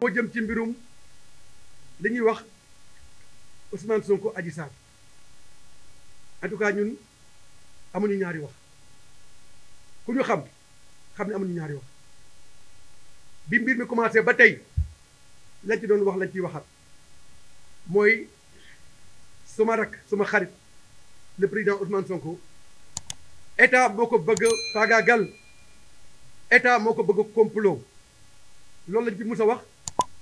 bo jëm ci mbirum li ñuy wax Ousmane Sonko Adji Sall en tout cas ñun amuñu ñaari wax ku ñu xam xam ni amuñu ñaari wax bi mbir mi commencé ba tey la ci doon wax la ci waxat moy suma rak suma xarit le président Ousmane Sonko état boko bëgg faga gal état moko bëgg complot loolu lañ ci mësa wax.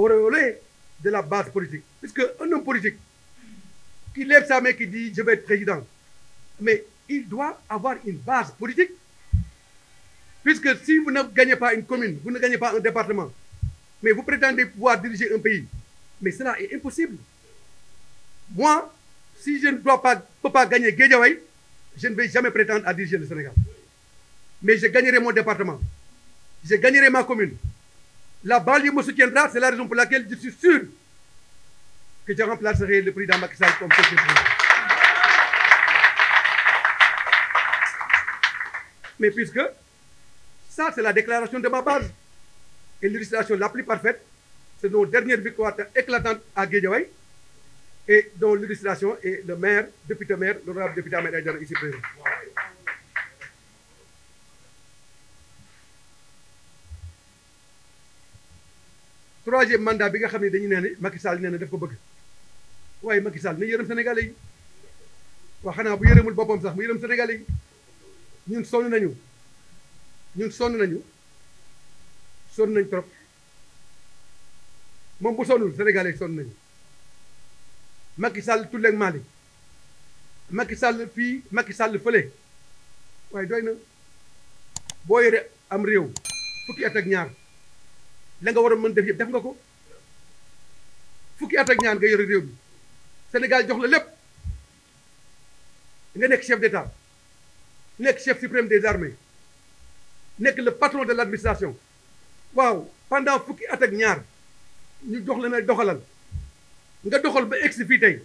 auréolé de la base politique. Puisque un homme politique qui lève sa main, qui dit je vais être président, mais il doit avoir une base politique. Puisque si vous ne gagnez pas une commune, vous ne gagnez pas un département, mais vous prétendez pouvoir diriger un pays, mais cela est impossible. Moi, si je ne dois pas, peux pas gagner Guédiaway, je ne vais jamais prétendre à diriger le Sénégal. Mais je gagnerai mon département. Je gagnerai ma commune. La banlieue me soutiendra, c'est la raison pour laquelle je suis sûr que je remplacerai le président Macky Sall comme président. Mais puisque ça, c'est la déclaration de ma base et l'illustration la plus parfaite, c'est nos dernières victoires éclatantes à Guédiawaye et dont l'illustration est le maire, député maire, l'honorable député maire ici présent. troisième mandat bi nga xam ne dañu nee ne Macky Sall nee na daf ko bëgg waaye Macky Sall na yërëm sénégalais yi waa xanaa bu boppam sax mu yërëm sénégalais ñun sonn nañu ñun sonn nañu sonn nañ trop moom bu sonnul sénégalais sonn nañu Macky Sall tulleeg Mali Macky Sall fii Macky Sall fële waaye doy na boo yore am réew fukki at ñaar la nga war a mën def yëpp def nga ko fukki at ak ñaan nga yore réew mi Sénégal jox la lépp nga nekk chef d'état nekk chef suprême des armées nekk la patron de l'administration waaw pendant fukki at ak ñaar ñu jox la na doxalal nga doxal ba egsi fii tey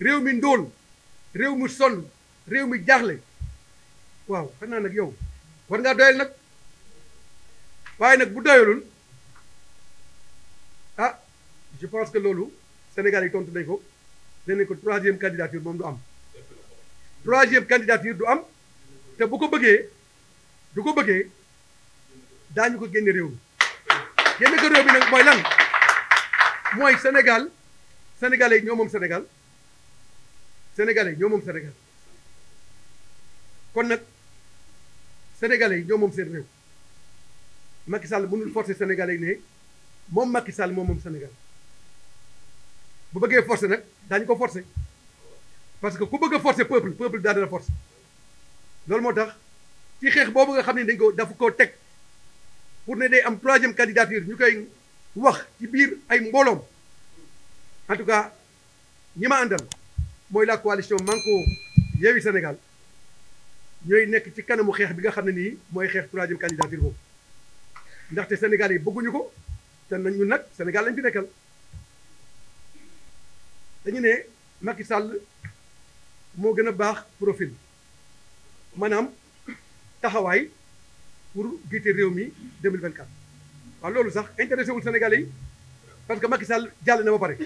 réew mi ndóol réew mi sonn réew mi jaaxle waaw xanaa nag yow war ngaa doyal nag waaye nag bu doyalul je pense que loolu Sénégal yi tontu nañ ko danañ ko troisième candidature moom du am. troisième candidature du am te bu ko bëggee du ko bëggee daañu ko génne réew mi génne ko réew mi nag mooy lan mooy Sénégal sénégalais yi ñoo moom Sénégal sénégalais yi ñoo moom Sénégal kon nag sénégalais yi ñoo moom seen réew Macky Sall mënul forcer sénégalais yi ne moom Macky Sall moom moom Sénégal. bu bëggee forcer nag daañu ko forcer parce que ku bëgg a forcer peuple peuple daal dina loolu moo tax ci xeex boobu nga xam ne dañ ko dafa koo teg pour ne day am troisième candidature ñu koy wax ci biir ay mbooloom en tout ñi ma àndal mooy la coalition Manko Yewwi Sénégal ñooy nekk ci kanamu xeex bi nga xam ne nii mooy xeex troisième candidature boobu ndaxte Sénégal yi bëgguñu ko te nañu nag Sénégal lañ fi nekkal. dañu ne Macky Sall moo gën a baax profil maanaam taxawaay pour jiite réew mi 2024. waaw loolu sax intéressé wul Sénégalais parce que Macky Sall jàll na ba pare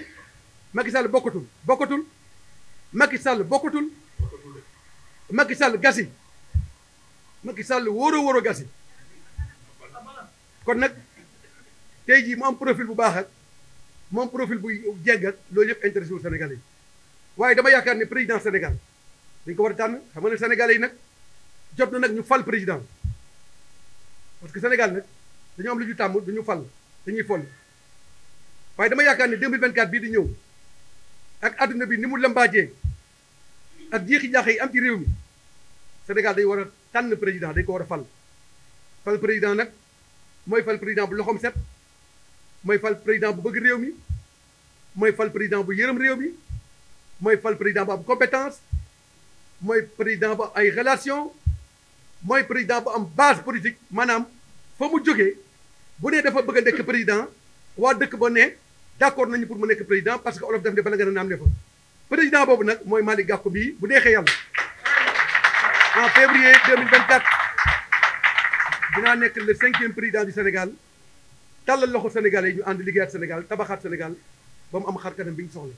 Macky Sall bokkatul bokkatul Macky Sall bokkatul Macky Sall gasi Macky Sall wóoro wóoro gasi kon nag tey jii mu am profil bu baax mon profil bu jégg ak loolu yëpp intéressé wu Sénégalais yi waaye dama yaakaar ne président Sénégal dañ ko war a tànn xam nga ne Sénégalais yi nag jot na nag ñu fal président parce que Sénégal nag dañu am lu ñu tàmm dañu fal dañuy fol waaye dama yaakaar ne 2024 bii di ñëw ak adduna bi ni mu lambaajee ak jeexi jaaxe yi am ci réew mi Sénégal day war a tànn président dañ ko war a fal fal président nag mooy fal président bu loxom set. suis fal président bu bëgg réew je suis fal président bu yërëm réew je fais fal président bu la compétence le président bu ay relation le président bu am base politique madame, fa mu jógee bu ne dafa bëgg a nekk président waa dëkk ba ne d'accord nañu pour mu nekk président parce que olof def ne bala nga na naam ne président boobu nag mooy Malick Gakou bii bu en février 2024 dinaa nekk le cinquième président du Sénégal tàllal loxo Sénégalais yi ñu ànd liggéey ak Sénégal tabaxaat Sénégal ba mu am xar kanam bi ñu soxla